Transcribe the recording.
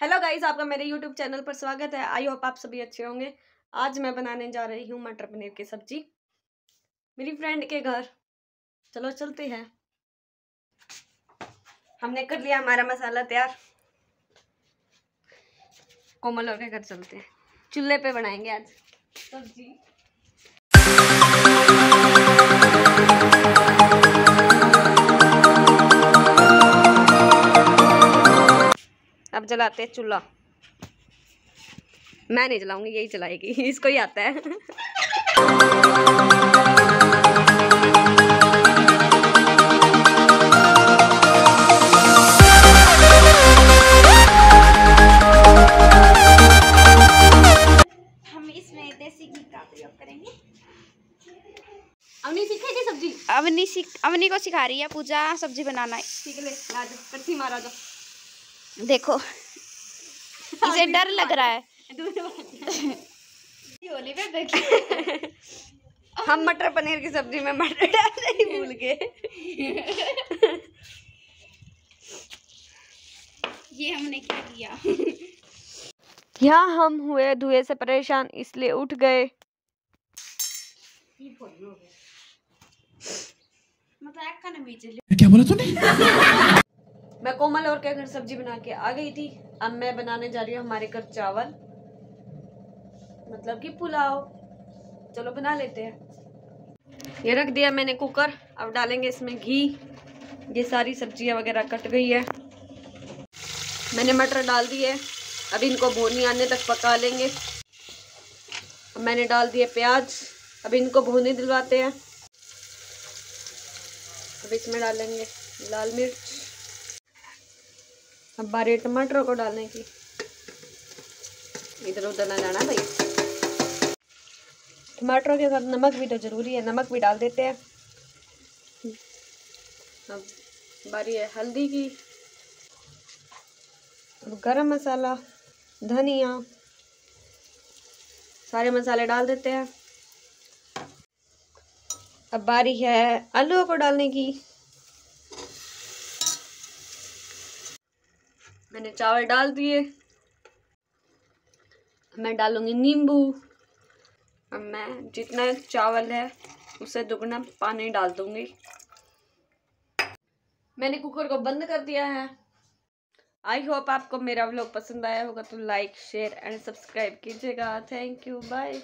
hello guys आपका मेरे YouTube channel पर स्वागत है आई होप आप सभी अच्छे होंगे आज मैं बनाने जा रही हूँ मटर पनीर की सब्जी मेरी फ्रेंड के घर चलो चलते हैं हमने कर लिया हमारा मसाला तैयार कोमल और के घर चलते हैं चूल्हे पे बनाएंगे आज सब्जी जलाते हैं चूल्हा मैं नहीं जलाऊंगी यही जलाएगी इसको ही आता है अवनी सब्जी अवनी सीख अवनी को सिखा रही है पूजा सब्जी बनाना है सीख ले राजा प्रतिमा महाराजा देखो इसे डर लग रहा है हम मटर पनीर की सब्जी में मटर डाल नहीं भूल गए ये हमने क्या किया यहाँ हम हुए धुए से परेशान इसलिए उठ गए मतलब क्या बोला तूने मैं कोमल और कहकर सब्जी बना के आ गई थी अब मैं बनाने जा रही हूँ हमारे घर चावल मतलब कि पुलाव चलो बना लेते हैं ये रख दिया मैंने कुकर अब डालेंगे इसमें घी ये सारी सब्जियाँ वगैरह कट गई है मैंने मटर डाल दिए अब इनको भूनी आने तक पका लेंगे अब मैंने डाल दिए प्याज अब इनको भूनी दिलवाते हैं अब इसमें डालेंगे लाल मिर्च अब बारी टमाटरों को डालने की इधर उधर ना जाना भाई टमाटरों के साथ नमक भी तो ज़रूरी है नमक भी डाल देते हैं अब बारी है हल्दी की अब गरम मसाला धनिया सारे मसाले डाल देते हैं अब बारी है आलू को डालने की मैंने चावल डाल दिए मैं डालूंगी नींबू और मैं जितना चावल है उसे दुगना पानी डाल दूंगी मैंने कुकर को बंद कर दिया है आई होप आपको मेरा व्लॉग पसंद आया होगा तो लाइक शेयर एंड सब्सक्राइब कीजिएगा थैंक यू बाय